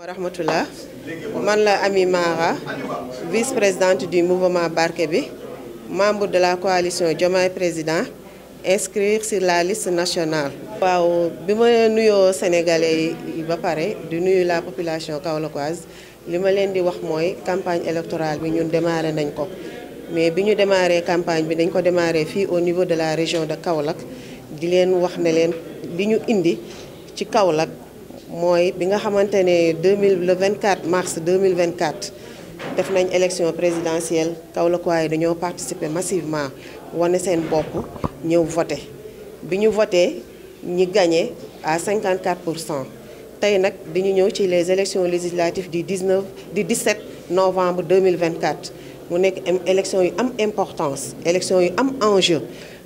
wa rahmatullah man la Ami Mara vice-présidente du mouvement Barké bi membre de la coalition Diomaye Président inscrire sur la liste nationale waaw bi ma nuyoo sénégalais yi ba pare di nuyu la population kaolackoise li ma leen di wax mooy campagne électorale bi ñun démarré nañ ko mais bi ñu démarré campagne bi dañ ko démarré fii au niveau de la région de Kaolack di leen wax ne leen li ñu indi ci Kaolack mooy bi nga xamante ne 2000 le 24 mars 2024 def nañ élection présidentielle Kaolack waaye dañoo participer massivement wane seen bopp ñëw voté bi ñu voté ñi gañee à 54 pour cent tey nag ñu ñëw ci les élections législatives du 19 du 17 novembre 2024 mu nekk élection yu am importance élection yu am enjeu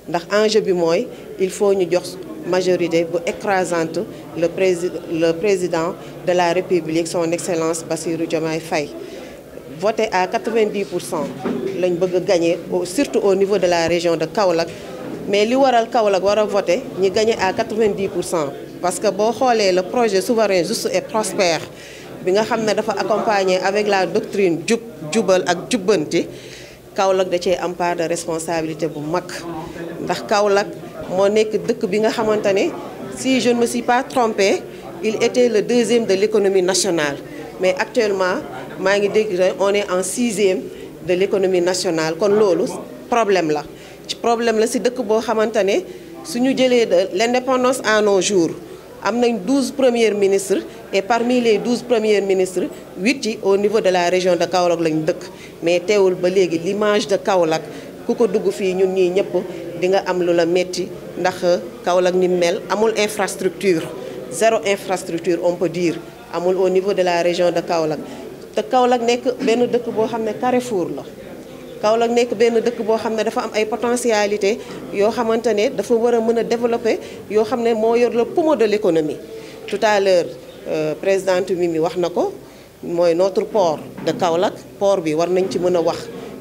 ndax enjeu bi mooy il faut ñu jox majorité bu écrasante le président le président de la république son excellence Bassirou Diomaye fay voté à 90 pour cent lañ bëgg gañe surtout au niveau de la région de Kaolack mais li waral Kaolack war voté ñi gañe à 90 pour cent parce que boo xoolee le projet souverain juste et prospère bi nga xam ne dafa accompagné avec la doctrine jub jubal ak jubbanti Kaolack da ce am part de responsabilité bu mag ndax Kaolack moo nekk dëkk bi nga xamante ne si je ne me suis pas trompée il était le deuxième de l'économie nationale mais actuellement maa ngi dégg on est en sixième de l'économie nationale kon loolu problème la ci problème la si dëkk boo xamante ne ñu jëlee de l'indépendance à nos jours am nañ douze premiers ministre et parmi les douze première ministre huit yi au niveau de la région de Kaolack lañ dëkk mais teewul ba léegi l'image de Kaolack ku ko dugg fii ñun ñii ñëpp di nga am lu la métti ndax Kaolack ni mel amul infrastructure zéro infrastructure on peut dire amul au niveau de la région de Kaolack te Kaolack nekk benn dëkk boo xam ne carrefour la Kaolack nekk benn dëkk boo xam ne dafa am ay potentialité yoo xamante ne dafa war a mën a développé yoo xam ne moo yor le poumon de l'économie tout à l'heure euh, présidente Mimi wax na ko mooy notre port de Kaolack port bi war nañ ci mën a wax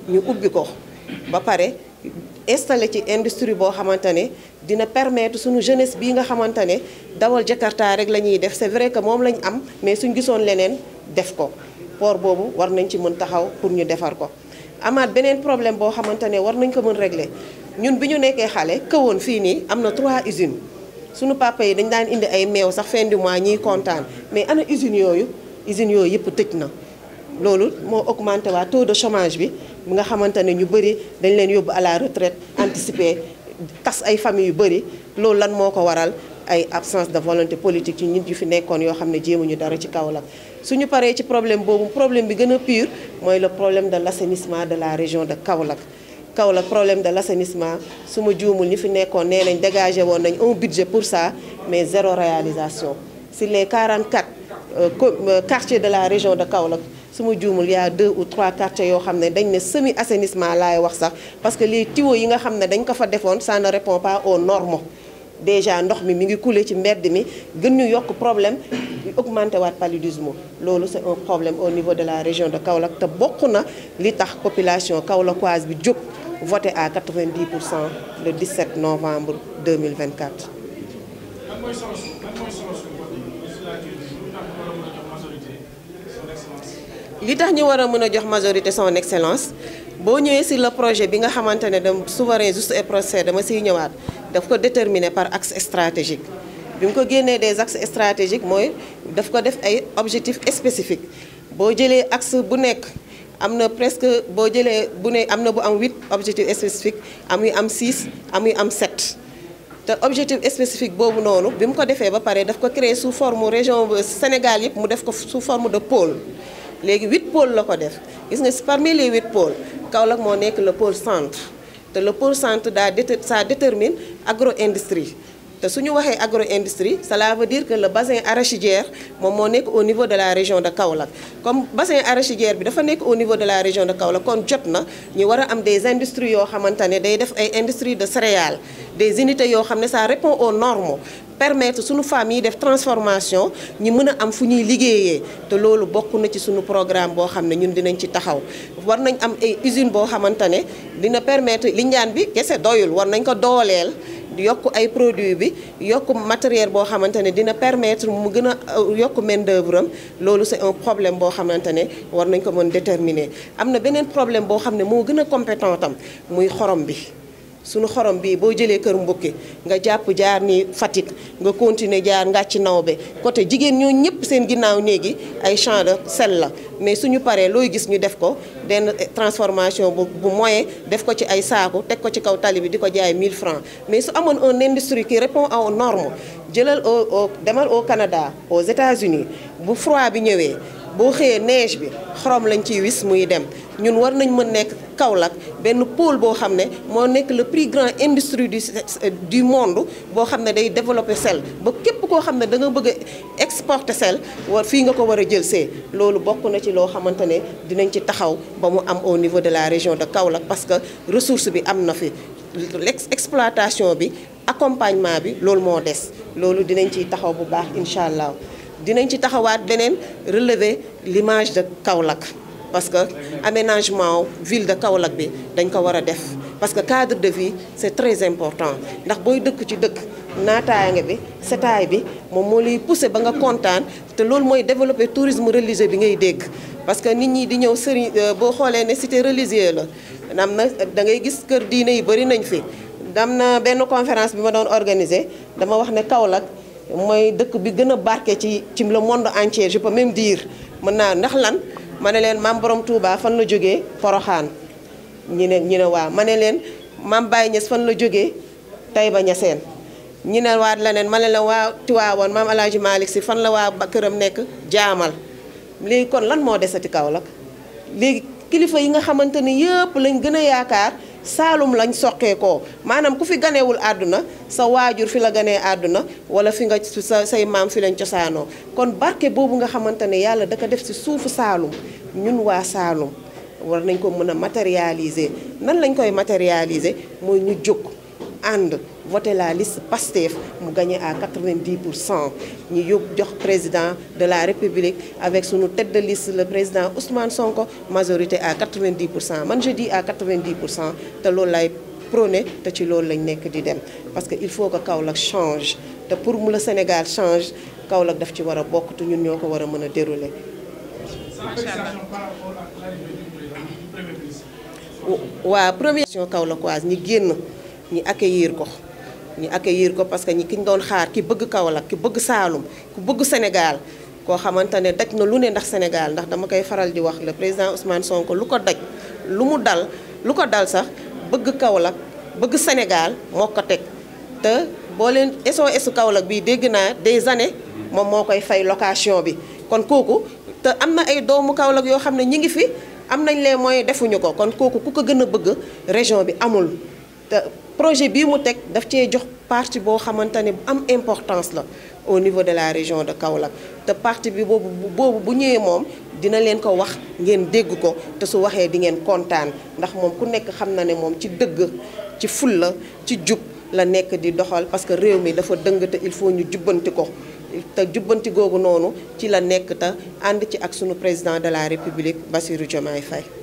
ñu ubbi ko ba pare installé ci industrie boo xamante ne dina permettre suñu jeunesse bii nga xamante ne dawal Jakarta rek la ñuy def c'est vrai que moom lañ am mais suñ gisoon leneen def ko port boobu war nañ ci mën taxaw pour ñu defar ko amaat beneen problème boo xamante ne war nañ ko mën régler ñun bi ñu nekkee xale këwoon fii nii am na trois usine suñu papa yi dañ daan indi ay meew sax fin du ñiy kontaan mais ana usines yooyu usines yooyu yëpp tëj na loolu moo augmenté waa taux de chômage bi mi nga xamante ne ñu bëri dañ leen yóbbu à la retraite anticipée tas ay famille yu bëri loolu lan moo ko waral ay absence de volonté politique ci nit ñu fi nekkoon yoo xam ne jéemuñu dara ci Kaolack ñu paree ci problème boobu problème bi gën a pire mooy le problème de l' assainissement de la région de Kaolack Kaolack problème de l' assainissement su ma juumul ñi fi nekkoon nee nañ dégagé woon nañ un budget pour ça mais zéro réalisation sur les 44 euh, euh, quartiers de la région de Kaolack su ma juumul y a deux ou trois quartiers yoo xam ne dañ ne semi assainissement laay wax sax parce que les tuyaux yi nga xam ne dañ ko fa defoon ça ne répond pas aux normes déjà ndox mi mi ngi coulé ci mbedd mi gën ñu yokk problème augmenté waat paludisme loolu c'est un problème au niveau de la région de Kaolack te bokk na li tax population kaolackoise bi jóg voté à 90 pour cent le 17 novembre 2024. li tax ñu war a mën a jox majorité son excellence boo ñëwee si la projet bi nga xamante ne de souverain juste et prospère dama siy ñëwaat daf ko déterminer par axe stratégique bi mu ko génnee des axes stratégiques mooy daf ko def ay objectifs spécifique boo jëlee axe bu nekk am na presque boo jëlee bu ne am na bu am 8 objectifs spécifiques am yu am 6 am yu am 7 te objectif spécifique boobu noonu bi mu ko defee ba pare daf ko créer sous forme région Sénégal yëpp mu def ko sous forme de pôle léegi huit pôles la ko def gis nga parmi les huit pôles Kaolack moo nekk la pôle centre te le pôle centre daa déter ça détermine agro-industrie te suñu waxee agro industrie cela veut dire que le bassin arachidière moom moo nekk au niveau de la région de Kaolack comme bassin arachidière bi dafa nekk au niveau de la région de Kaolack kon jot na ñu war a am des industries yoo xamante ne day def ay industries de céréales des unités yoo xam ne ça répond aux normes permettre suñu femmes yi def transformation ñi mën a am fu ñuy liggéeyee te loolu bokk na ci suñu programme boo xam ne ñun dinañ ci taxaw war nañ am ay usine boo xamante ne dina permettre liñ ñaan bi kese doyul war nañ ko dooleel yokk ay produit bi yokk matériel boo xamante ne dina permettre mu gën a euh, yokk main d'œuvre am loolu c'est un problème boo xamante ne war nañ ko mën déterminer am na beneen problème boo xam ne moo gën a compétent am muy xorom bi sunu xorom bii boo jëlee kër mbukki nga jàpp jaar nii Fatick nga continuer jaar nga ci ngàcc nawbe côté jigéen ñoo ñëpp seen ginnaaw néegi ay champs de la mais suñu paree looy gis ñu def ko benn transformation bu bu moyen def ko ci ay saaku teg ko ci kaw tali bi di ko jaay mille francs mais su amoon un industrie qui répond aux normes jëlal au demal au Canada aux États-Unis bu froid bi ñëwee boo xëyee neige bi xorom lañ ciy wis muy dem ñun war nañ mën nekk Kaolack benn pôle boo xam ne moo nekk le plus grand industrie du du monde boo xam ne day développé sel ba képp koo xam ne da nga bëgg a exporter war fii nga ko war a jël see loolu bokk na ci loo xamante ne dinañ ci taxaw ba mu am au niveau de la région de Kaolack parce que ressource bi am na fi exploitation bi accompagnement bi loolu moo des loolu dinañ ciy taxaw bu baax incha allah. dinañ ci taxawaat beneen relever l'image de Kaolack parce que aménagement ville de Kaolack bi dañ ko war a def parce que cadre de vie c'est très important ndax booy dëkk ci dëkk naataange bi setaay bi moom moo liy pousser ba nga kontaan te loolu mooy développer tourisme religieux bi ngay dégg parce que nit ñi di ñëw sëriñ euh, boo xoolee ne cité religieuse la am na da ngay gis kër diine yi bari nañ fi am na benn conférence bi ma doon organiser dama wax ne Kaolack mooy dëkk bi gën a barke ci ci le monde entier je peux même dire mën naa ndax lan ma ne leen maam borom Touba fan la jógee Poroxaan ñi ne ñi ne waa ma ne leen maam Baye Niass fan la jógee Taïba Niassène ñi ne waat leneen ma ne la waa Tiwaawoon maam El Hadj Malick si fan la waa ba këram nekk jaamal léegi kon lan moo desati Kaolack léegi kilifa yi nga xamante ni yëpp lañ gën a yaakaar. saalum lañ soqeekoo maanaam ku fi ganeewul àdduna sa waajur fi la ganee àdduna wala fi nga sa say maam fi lañ cosaanoo kon barke boobu nga xamante ne yàlla da def si suufu saalum ñun waa saalum war nañ ko mën a matérialiser nan lañ koy matérialiser mooy ñu jóg ànd voté la liste PASTEF mu gagné à 90 pour cent ñu yóbbu jox président de la république avec sunu tête de liste le président Ousmane Sonko majorité à 90 pour cent man je dis à 90 pour cent te loolu lay prôné te ci loolu lañ nekk di dem parce que il faut que Kaolack change te pour mu la Sénégal change Kaolack daf ci war a bokk ñun ñoo ko war a mën a dérouler. macha allah waa première. Kaolackoise ñi génn ñi accueillir ko. ñu yiir ko parce que ñi ki ñu doon xaar ki bëgg Kaolack ki bëgg Saalum ku bëgg Sénégal koo xamante ne daj na lu ne ndax Sénégal ndax dama koy faral di wax le président Ousmane Sonko lu ko daj lu mu dal lu ko dal sax bëgg Kaolack bëgg Sénégal moo ko teg te boo leen SOS bii dégg naa des années moom moo koy fay location bi kon kooku te am na ay doomu Kaolack yoo xam ne ñi ngi fi am nañ leen mooy defuñu ko kon kooku ku ko gën a bëgg région bi amul te projet bii mu teg daf cee jox parti boo xamante ne bu am importance la au niveau de la région de Kaolack te parti bi boobu boobu bu ñëwee moom dina leen ko wax ngeen dégg ko te su waxee di ngeen kontaan ndax moom ku nekk xam na ne moom ci dëgg ci fulla ci jub la nekk di doxal parce que réew mi dafa dëng te il faut ñu jubbanti ko te jubbanti googu noonu ci la nekk te ànd ci ak sunu président de la république Bassirou Diomaye fay